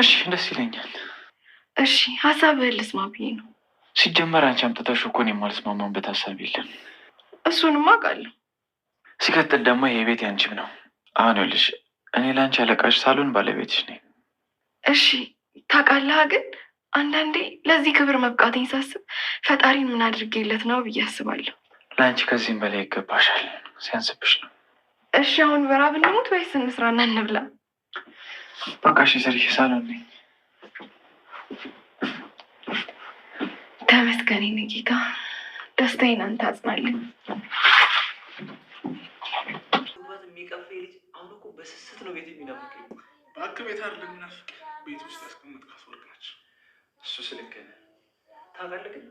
እሺ ደስ ይለኛል። እሺ ሀሳብህን ልስማ ብዬ ነው። ሲጀመር አንቺ አምጥተሽው እኮ እኔ የማልስማማበት ሀሳብ የለም። እሱንማ አውቃለሁ። ሲቀጥል ደግሞ ይሄ ቤት ያንቺም ነው። አሁን ይኸውልሽ እኔ ለአንቺ አለቃሽ ሳሎን ባለቤትሽ ነኝ። እሺ ታውቃለህ፣ ግን አንዳንዴ ለዚህ ክብር መብቃቴን ሳስብ ፈጣሪን ምን አድርጌለት ነው ብዬ አስባለሁ። ለአንቺ ከዚህም በላይ ይገባሻል፣ ሲያንስብሽ ነው። እሺ አሁን በራብ እንሙት ወይስ እንስራና እንብላ? በቃ እሺ፣ ስልሽ ሳሎን ተመስገን ንጌታ ደስታዬን አንተ አጽናለኝ። አሁን እኮ በስስት ነው ቤት የሚናፍቀኝ። እባክህ ቤት አይደለም የሚናፍቅ ቤት ውስጥ ያስቀመጥካት ወርቅ ነች። እሱ ስልክ ታውቃለህ። ግን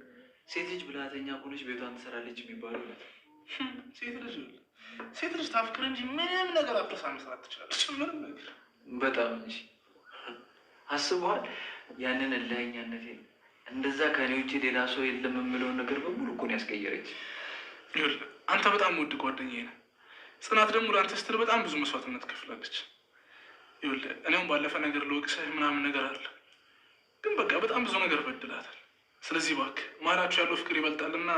ሴት ልጅ ብልሃተኛ ሆነች ቤቷን ትሰራለች የሚባለው ነት ሴት ልጅ ሴት ልጅ ታፍቅር እንጂ ምንም ነገር አፍርሳ መስራት ትችላለች። ምንም ነገር በጣም እንጂ አስበዋል። ያንን እልኸኛነቴ እንደዛ ከኔ ውጭ ሌላ ሰው የለም የምለውን ነገር በሙሉ እኮ ነው ያስቀየረች። አንተ በጣም ውድ ጓደኛዬ ነህ። ጽናት ደግሞ ለአንተ ስትል በጣም ብዙ መስዋዕትነት ከፍላለች። ይኸውልህ እኔውም ባለፈ ነገር ልወቅስህ ምናምን ነገር አለ፣ ግን በቃ በጣም ብዙ ነገር በድላታል። ስለዚህ እባክህ መሀላችሁ ያለው ፍቅር እና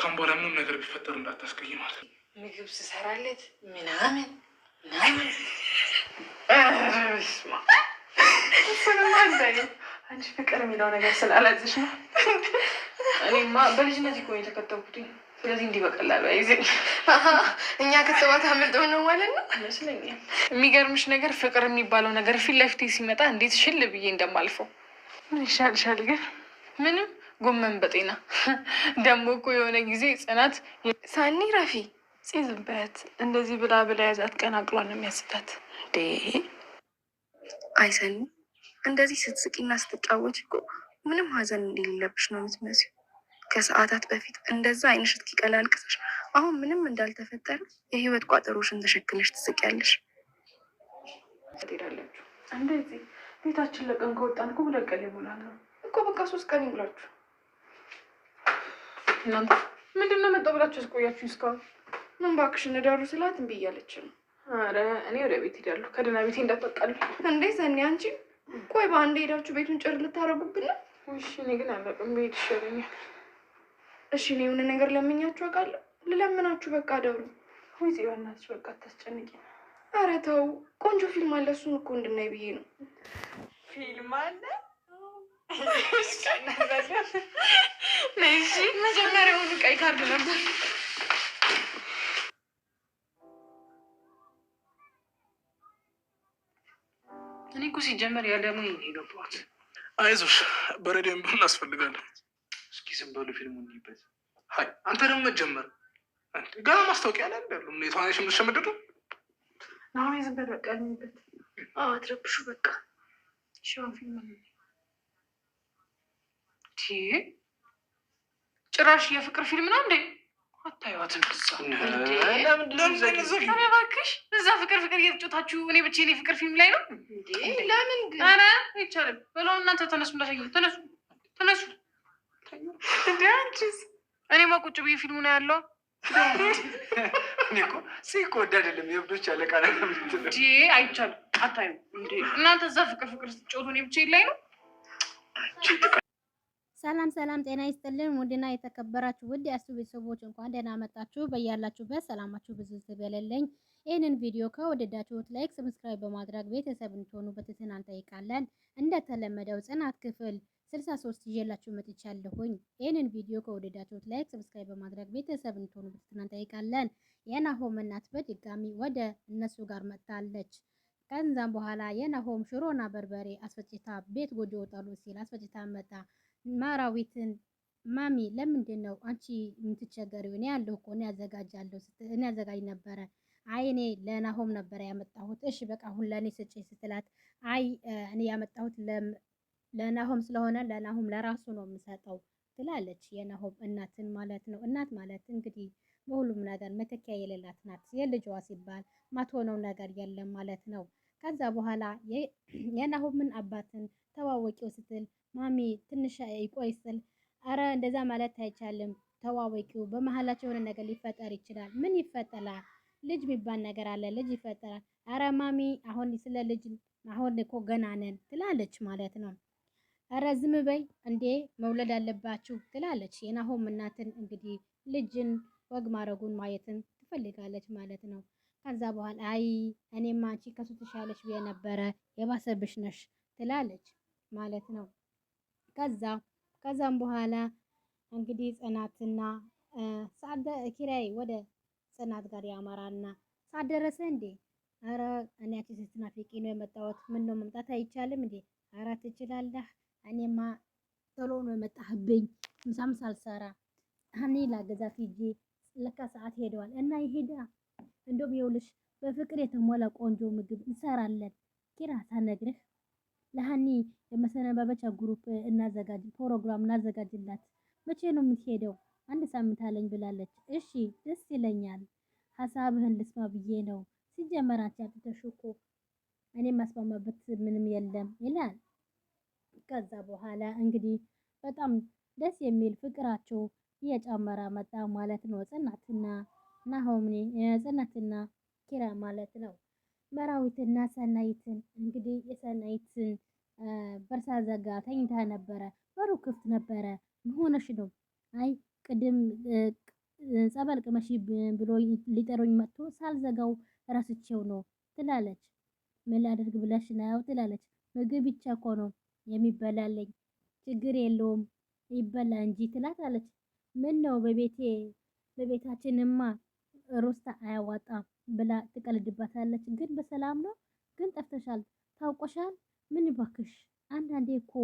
ካም በኋላ ምንም ነገር ቢፈጠር እንዳታስቀይ ማለት ምግብ ስሰራለት ምናምን አንቺ ፍቅር የሚለው ነገር ስላለዝሽ ነው። እኔማ በልጅነት እኮ ነው የተከተብኩት። ስለዚህ እንዲህ በቀላሉ አይዘኝ እኛ ክትባት አምልጠው ነው ማለት ነው ይመስለኛል። የሚገርምሽ ነገር ፍቅር የሚባለው ነገር ፊት ለፊቴ ሲመጣ እንዴት ሽል ብዬ እንደማልፈው ምን ይሻልሻል ግን ምንም ጎመን በጤና ደግሞ እኮ የሆነ ጊዜ ጽናት ሳኒ ረፊ ሲዝበት እንደዚህ ብላ ብላ ያዛት ቀን አቅሏን የሚያስታት አይሰኒ እንደዚህ ስትስቂና ስትጫወች እኮ ምንም ሀዘን እንደሌለብሽ ነው የምትመስዩ። ከሰዓታት በፊት እንደዛ አይንሽ እስኪቀላ አልቅሰሽ፣ አሁን ምንም እንዳልተፈጠረ የህይወት ቋጠሮሽን ተሸክመሽ ትስቂያለሽ። እንደዚህ ቤታችን ለቀን ከወጣን እኮ ሁለት ቀን ይሞላል እኮ በቃ ሶስት ቀን ይሙላችሁ። እናንተ ምንድን ነው መጣሁ ብላችሁ ያስቆያችሁ እስካሁን ምን ባክሽ እንዳሩ ስላት እምቢ እያለች ነው። አረ እኔ ወደ ቤት ሄዳለሁ። ከደህና ቤት እንዳታጣሉ እንዴ ሰኒ። አንቺ ቆይ በአንድ ሄዳችሁ ቤቱን ጭር ልታረጉብን እሺ እኔ ግን አላውቅም፣ ብሄድ ይሻለኛል። እሺ እኔ የሆነ ነገር ለምኛችሁ አውቃለሁ። ልለምናችሁ በቃ ደሩ ወይ ጽዮናች፣ በቃ አታስጨንቂ። አረ ተው፣ ቆንጆ ፊልም አለ እሱን እኮ እንድናይ ብዬ ነው። ፊልም አለ እሺ መጀመሪያውኑ ቀይ ካርድ ነበር እኔ እኮ ሲጀመር ያለ ያለሙ የገባት አይዞሽ፣ በሬዲዮን ብር እናስፈልጋለን። እስኪ ዝም በሉ ፊልሙ እንይበት። ሀይ አንተ ደግሞ መጀመር ገና ማስታወቂያ ላይ ያሉ የተዋናሽ የምትሸመደዱ አሁን ዝም በል በቃ ልኝበት። አትረብሹ በቃ ሽን ፊልም ጭራሽ የፍቅር ፊልም ነው እንዴ? አታዩዋትም? እባክሽ እዛ ፍቅር ፍቅር እየተጫወታችሁ እኔ ብቻ እኔ ፍቅር ፊልም ላይ ነው። ለምን ግን አይቻልም። በለው እናንተ ተነሱ፣ እንዳሳየው ተነሱ፣ ተነሱ። እኔማ ቁጭ ብዬ ፊልሙ ነው ያለው። አይቻልም። አታዩም? እናንተ እዛ ፍቅር ፍቅር ስትጫወቱ እኔ ብቻዬን ላይ ነው። ሰላም ሰላም፣ ጤና ይስጥልን ውድና የተከበራችሁ ውድ የአሱ ቤተሰቦች እንኳን ደህና መጣችሁ። በያላችሁበት ሰላማችሁ ብዙ ይብዛልኝ። ይህንን ቪዲዮ ከወደዳችሁት ላይክ፣ ሰብስክራይብ በማድረግ ቤተሰብ እንድትሆኑ በትህትና እንጠይቃለን። እንደተለመደው ጽናት ክፍል 63 ይዤላችሁ መጥቻለሁኝ። ይህንን ቪዲዮ ከወደዳችሁት ላይክ፣ ሰብስክራይብ በማድረግ ቤተሰብ እንድትሆኑ በትህትና እንጠይቃለን። የናሆም እናት በድጋሚ ወደ እነሱ ጋር መጥታለች። ከዛም በኋላ የናሆም ሽሮና በርበሬ አስፈጭታ ቤት ጎጆ ወጣሉ ሲል አስፈጭታ መጣ ማራዊትን ማሚ ለምንድን ነው አንቺ የምትቸገሪው? እኔ ያለሁ እኮ እኔ አዘጋጃለሁ እኔ አዘጋጅ ነበረ። አይ እኔ ለናሆም ነበረ ያመጣሁት። እሺ በቃ አሁን ለእኔ ስጭ ስትላት፣ አይ እኔ ያመጣሁት ለናሆም ስለሆነ ለናሆም ለራሱ ነው የምሰጠው ትላለች። የናሆም እናትን ማለት ነው። እናት ማለት እንግዲህ በሁሉም ነገር መተኪያ የሌላት ናት። የልጇ ሲባል ማትሆነው ነገር የለም ማለት ነው። ከዛ በኋላ የናሆምን አባትን ተዋወቂው ስትል ማሚ ትንሽ ይቆይ ስል አረ እንደዛ ማለት አይቻልም፣ ተዋወቂው በመሀላቸው የሆነ ነገር ሊፈጠር ይችላል። ምን ይፈጠራል? ልጅ የሚባል ነገር አለ። ልጅ ይፈጠራል። አረ ማሚ አሁን ስለ ልጅ አሁን እኮ ገና ነን ትላለች ማለት ነው። አረ ዝም በይ እንዴ መውለድ አለባችሁ ትላለች። የናሆም እናትን እንግዲህ ልጅን ወግ ማድረጉን ማየትን ትፈልጋለች ማለት ነው። ከዛ በኋላ አይ እኔም አንቺ ከሱ ትሻለሽ ብዬ ነበረ የባሰብሽ ነሽ ትላለች። ማለት ነው። ከዛ ከዛም በኋላ እንግዲህ ጽናትና ኪራይ ወደ ጽናት ጋር ያመራና ሳደረሰ እንዴ አረ እኔ አቺ ስትናፍቂ ነው የመጣሁት። ምን ነው መምጣት አይቻልም እንዴ? አረ ትችላለህ። እኔማ ቶሎ ነው የመጣህብኝ። ምሳም ሳልሰራ እኔ ላገዛት ሂጂ። ለካ ሰዓት ሄደዋል እና ይሄዳ እንደውም ይኸውልሽ በፍቅር የተሞላ ቆንጆ ምግብ እንሰራለን። ኪራ ሳነግርህ ለሀኒ መሰነባበቻ ግሩፕ እናዘጋጅ ፕሮግራም እናዘጋጅላት። መቼ ነው የምትሄደው? አንድ ሳምንት አለኝ ብላለች። እሺ ደስ ይለኛል። ሀሳብህን ልስማ ብዬ ነው። ሲጀመር አንቺ አጥተሽ እኮ እኔ የማስማማበት ምንም የለም ይላል። ከዛ በኋላ እንግዲህ በጣም ደስ የሚል ፍቅራቸው እየጨመረ መጣ ማለት ነው። ጽናትና ናሆሜ ጽናትና ኪራ ማለት ነው። መራዊትና ሰናይትን እንግዲህ የሰናይትን በርሳ ዘጋ ተኝታ ነበረ። በሩ ክፍት ነበረ። መሆነሽ ነው? አይ ቅድም ጸበል ቅመሽ ብሎ ሊጠሩኝ መጥቶ ሳልዘጋው ረስቼው ነው ትላለች። ምን ላድርግ ብለሽ ነው ትላለች። ምግብ ብቻ እኮ ነው የሚበላለኝ፣ ችግር የለውም ይበላ እንጂ ትላታለች። ምን ነው በቤቴ በቤታችንማ ሩስታ አያዋጣም ብላ ትቀልድባታለች። ግን በሰላም ነው። ግን ጠፍተሻል፣ ታውቆሻል። ምን ይባክሽ፣ አንዳንዴ እኮ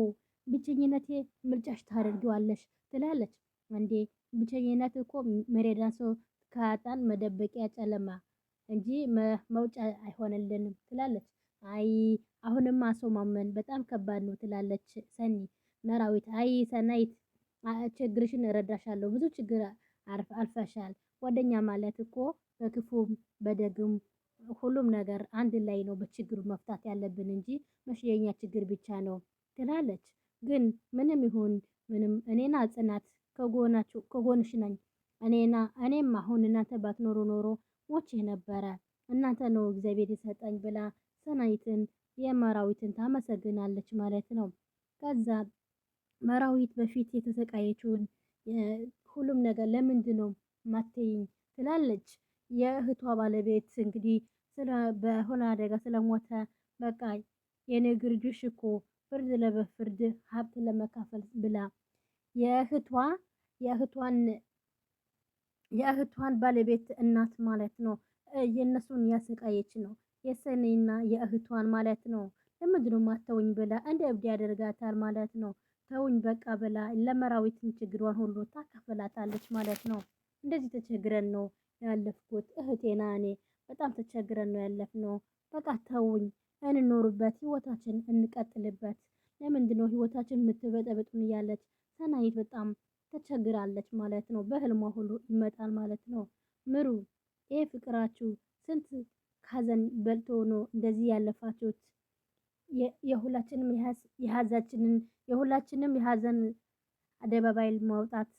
ብቸኝነቴ ምርጫሽ ታደርጊዋለሽ ትላለች። እንዴ ብቸኝነት እኮ መሬዳን ሰው ካጣን መደበቂያ ጨለማ እንጂ መውጫ አይሆንልንም ትላለች። አይ አሁንማ ሰው ማመን በጣም ከባድ ነው ትላለች ሰኒ መራዊት። አይ ሰናይት ችግርሽን እረዳሻለሁ ብዙ ችግር አልፈሻል። ጓደኛ ማለት እኮ በክፉም በደግም ሁሉም ነገር አንድ ላይ ነው በችግሩ መፍታት ያለብን እንጂ መቼ ችግር ብቻ ነው ትላለች። ግን ምንም ይሁን ምንም እኔና ጽናት ከጎናችሁ ከጎንሽ ነኝ። እኔና እኔም አሁን እናንተ ባትኖሩ ኖሮ ሞቼ ነበረ። እናንተ ነው እግዚአብሔር የሰጠኝ ብላ ሰናይትን የመራዊትን ታመሰግናለች ማለት ነው። ከዛ መራዊት በፊት የተሰቃየችውን ሁሉም ነገር ለምንድን ነው ማትይኝ ትላለች። የእህቷ ባለቤት እንግዲህ በሆነ አደጋ ስለሞተ በቃ የንግር ጁሽ እኮ ፍርድ ለበፍርድ ሀብት ለመካፈል ብላ የእህቷ የእህቷን የእህቷን ባለቤት እናት ማለት ነው የእነሱን ያሰቃየች ነው የሰኔና የእህቷን ማለት ነው ለምንድን ነው የማተውኝ ብላ እንደ እብድ ያደርጋታል ማለት ነው። ተውኝ በቃ ብላ ለመራዊትን ችግሯን ሁሉ ታካፍላታለች ማለት ነው። እንደዚህ ተቸግረን ነው ያለፍኩት እህቴና እኔ በጣም ተቸግረን ነው ያለፍነው። በቃ ተውኝ፣ እንኖርበት፣ ህይወታችን እንቀጥልበት። ለምንድን ነው ህይወታችን የምትበጠበጡን? እያለች ሰናይት በጣም ተቸግራለች ማለት ነው። በህልሟ ሁሉ ይመጣል ማለት ነው። ምሩ ይህ ፍቅራችሁ ስንት ሀዘን በልቶ ነው እንደዚህ ያለፋችሁት የሁላችንም የሀዛችንን የሁላችንም የሀዘን አደባባይ ማውጣት።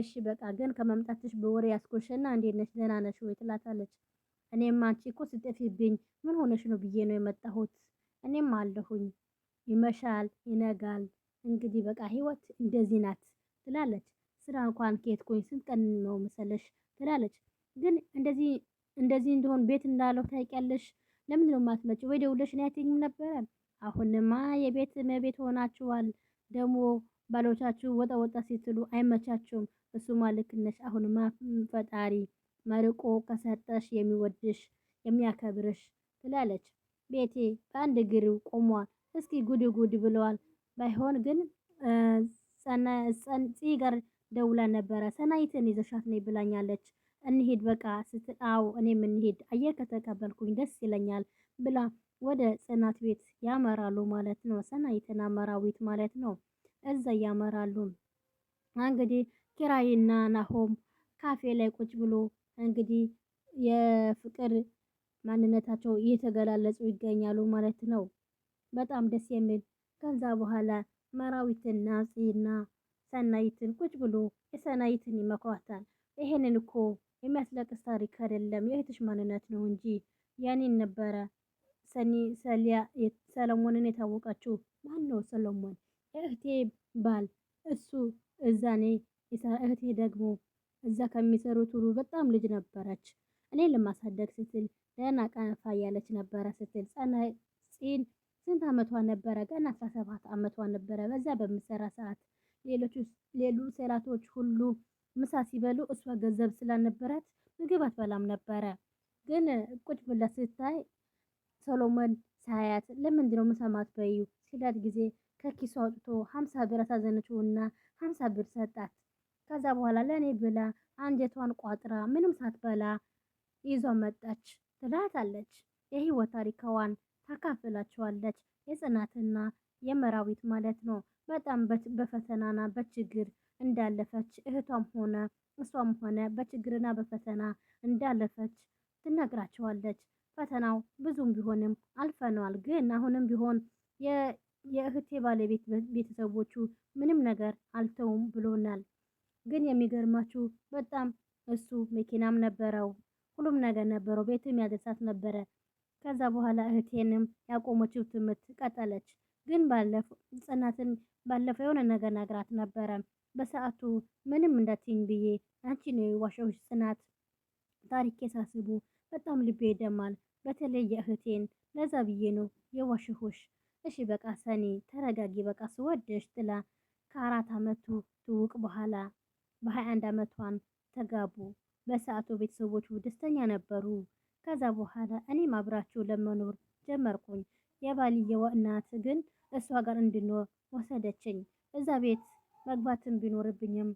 እሺ በቃ ግን ከመምጣትሽ በወሬ ያስኮሸና እንዴት ነሽ ደህና ነሽ ወይ ትላታለች። እኔም አንቺ እኮ ስጠፊብኝ ምን ሆነሽ ነው ብዬ ነው የመጣሁት። እኔም አለሁኝ ይመሻል ይነጋል፣ እንግዲህ በቃ ህይወት እንደዚህ ናት ትላለች። ስራ እንኳን ከየትኩኝ ስንት ቀን ነው መሰለሽ ትላለች። ግን እንደዚህ እንደዚህ እንደሆን ቤት እንዳለው ታውቂያለሽ። ለምንድን ነው የማትመጪው? ወይ ደውለሽ ነው አይተኝም ነበረ አሁንማ የቤት እመቤት ሆናችኋል። ደግሞ ባሎቻችሁ ወጣ ወጣ ሲትሉ አይመቻችሁም። እሱማ ልክ ነሽ። አሁንማ ፈጣሪ መርቆ ከሰጠሽ የሚወድሽ የሚያከብርሽ ትላለች። ቤቴ በአንድ እግሩ ቆሟል። እስኪ ጉድ ጉድ ብለዋል። ባይሆን ግን ጸንፂ ጋር ደውላ ነበረ። ሰናይትን ይዘሻት ነይ ብላኛለች። እንሂድ በቃ ስትል አዎ እኔም እንሂድ አየር ከተቀበልኩኝ ደስ ይለኛል ብላ ወደ ጽናት ቤት ያመራሉ ማለት ነው። ሰናይትና መራዊት ማለት ነው። እዛ ያመራሉ እንግዲህ ኪራይና ናሆም ካፌ ላይ ቁጭ ብሎ እንግዲህ የፍቅር ማንነታቸው እየተገላለጹ ይገኛሉ ማለት ነው። በጣም ደስ የሚል ከዛ በኋላ መራዊትና ጽና ሰናይትን ቁጭ ብሎ የሰናይትን ይመክሯታል። ይሄንን እኮ የሚያስለቅስ ታሪክ አይደለም፣ የእህትሽ ማንነት ነው እንጂ ያኔን ነበረ ሰኒ ሰሊያ ሰለሞንን የታወቃችሁ ማን ነው? ሰለሞን እህቴ ባል እሱ እዛኔ እህቴ ደግሞ እዛ ከሚሰሩት ሁሉ በጣም ልጅ ነበረች። እኔ ለማሳደግ ስትል ገና ቀነፋ እያለች ነበረ ስትል ጸናይ ጺን ስንት ዓመቷ ነበረ? ገና አስራ ሰባት ዓመቷ ነበረ። በዛ በምሰራ ሰዓት ሌሎች ሌሉ ሁሉ ምሳ ሲበሉ እሷ ገንዘብ ስላልነበራት ምግብ አትበላም ነበረ። ግን ቁጭ ብላ ስታይ ሰሎሞን ሳያት ለምንድን ነው የምሰማት በዩ ሲላት ጊዜ ከኪሱ አውጥቶ ሀምሳ ብር አሳዘነችውና ሀምሳ ብር ሰጣት። ከዛ በኋላ ለእኔ ብላ አንጀቷን ቋጥራ ምንም ሳትበላ ይዟ መጣች ትላታለች። የህይወት ታሪካዋን ታካፍላቸዋለች። የጽናትና የመራዊት ማለት ነው። በጣም በፈተናና በችግር እንዳለፈች እህቷም ሆነ እሷም ሆነ በችግርና በፈተና እንዳለፈች ትነግራቸዋለች። ፈተናው ብዙም ቢሆንም አልፈነዋል። ግን አሁንም ቢሆን የእህቴ ባለቤት ቤተሰቦቹ ምንም ነገር አልተውም ብሎናል። ግን የሚገርማችሁ በጣም እሱ መኪናም ነበረው፣ ሁሉም ነገር ነበረው፣ ቤትም ያደርሳት ነበረ። ከዛ በኋላ እህቴንም ያቆመችው ትምህርት ቀጠለች። ግን ባለፈው ጽናትን ባለፈው የሆነ ነገር ነግራት ነበረ። በሰዓቱ ምንም እንዳትኝ ብዬ አንቺ ነው የዋሸሁሽ ጽናት ሳስቡ በጣም ልቤ ይደማል። በተለይ የእህቴን ለዛ ብዬ ነው የዋሽሁሽ። እሺ በቃ ሰኔ ተረጋጊ። በቃ ስወደሽ ጥላ ከአራት አመቱ ትውቅ በኋላ በሀያ አንድ አመቷን ተጋቡ። በሰዓቱ ቤተሰቦቹ ደስተኛ ነበሩ። ከዛ በኋላ እኔም አብራችሁ ለመኖር ጀመርኩኝ። የባልየዋ እናት ግን እሷ ጋር እንድኖር ወሰደችኝ። እዛ ቤት መግባትን ቢኖርብኝም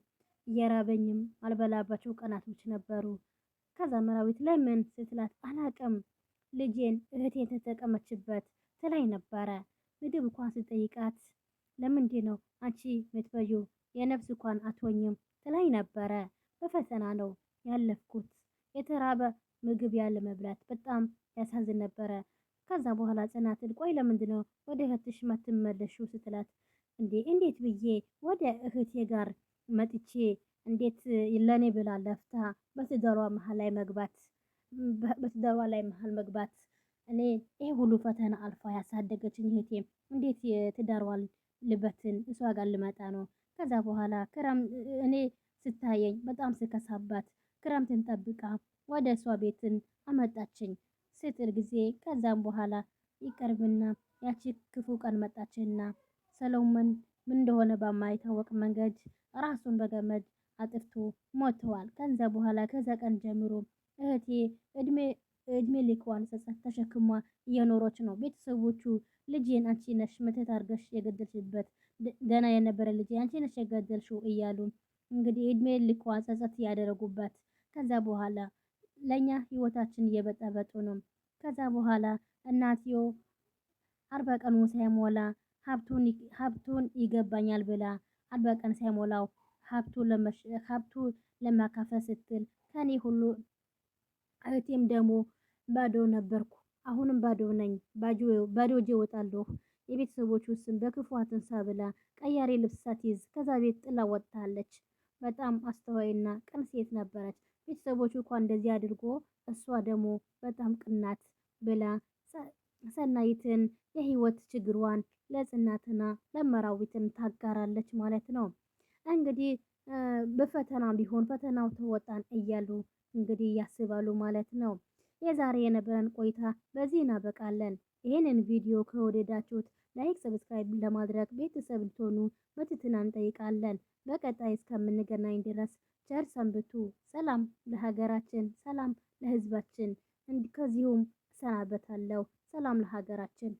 እየራበኝም አልበላባቸው ቀናቶች ነበሩ። ከዛ መራዊት ለምን ስትላት አላቅም ልጄን እህቴ የተጠቀመችበት ትላይ ነበረ። ምግብ እንኳን ስጠይቃት ለምንድ ነው አንቺ ምትበዩ የነፍስ እንኳን አትወኝም ትላይ ነበረ። በፈተና ነው ያለፍኩት። የተራበ ምግብ ያለ መብላት በጣም ያሳዝን ነበረ። ከዛ በኋላ ጽናትን ቆይ ለምንድ ነው ወደ እህትሽ መትመለሹ ስትላት እንዴ እንዴት ብዬ ወደ እህቴ ጋር መጥቼ እንዴት ለኔ ብላ ለፍታ በትዳሯ መሀል ላይ መግባት በትዳሯ ላይ መሀል መግባት እኔ ይሄ ሁሉ ፈተና አልፋ ያሳደገችኝ እህቴ እንዴት የትዳሯን ልበትን እሷ ጋር ልመጣ ነው። ከዛ በኋላ ክረም እኔ ስታየኝ በጣም ስከሳባት ክረምትን ጠብቃ ወደ እሷ ቤትን አመጣችኝ ስጥር ጊዜ ከዛም በኋላ ይቀርብና ያቺ ክፉ ቀን መጣችና ሰሎሞን ምን እንደሆነ በማይታወቅ መንገድ ራሱን በገመድ አጥፍቶ ሞተዋል። ከዛ በኋላ ከዛ ቀን ጀምሮ እህቴ እድሜ እድሜ ልክዋን ጸጸት ተሸክሟ እየኖረች ነው። ቤተሰቦቹ ልጄን አንቺ ነሽ መተት አድርገሽ የገደልሽበት ገና የነበረ ልጄ አንቺ ነሽ የገደልሽው እያሉ እንግዲህ እድሜ ልክዋን ጸጸት ያደረጉበት። ከዛ በኋላ ለእኛ ህይወታችን እየበጠበጡ ነው። ከዛ በኋላ እናትዮ አርባ ቀኑ ሳይሞላ ሀብቱን ሀብቱን ይገባኛል ብላ አርባ ቀን ሳይሞላው ሀብቱ ለማካፈል ስትል ከኔ ሁሉ እህቴም ደግሞ ባዶ ነበርኩ፣ አሁንም ባዶ ነኝ። ባዶ እጄ እወጣለሁ። የቤተሰቦቹ ስም በክፉ አትንሳ ብላ ቀያሪ ልብስ ሳትይዝ ከዛ ቤት ጥላ ወጥታለች። በጣም አስተዋይና ቅን ሴት ነበረች። ቤተሰቦቹ እንኳ እንደዚህ አድርጎ እሷ ደግሞ በጣም ቅናት ብላ ሰናይትን የህይወት ችግሯን ለጽናትና ለመራዊትን ታጋራለች ማለት ነው። እንግዲህ በፈተና ቢሆን ፈተናው ተወጣን እያሉ እንግዲህ ያስባሉ ማለት ነው። የዛሬ የነበረን ቆይታ በዚህ እናበቃለን። ይህንን ቪዲዮ ከወደዳችሁት ላይክ፣ ሰብስክራይብ ለማድረግ ቤተሰብ ልትሆኑ በትህትና እንጠይቃለን። በቀጣይ እስከምንገናኝ ድረስ ቸር ሰንብቱ። ሰላም ለሀገራችን፣ ሰላም ለሕዝባችን። ከዚሁም እሰናበታለሁ። ሰላም ለሀገራችን።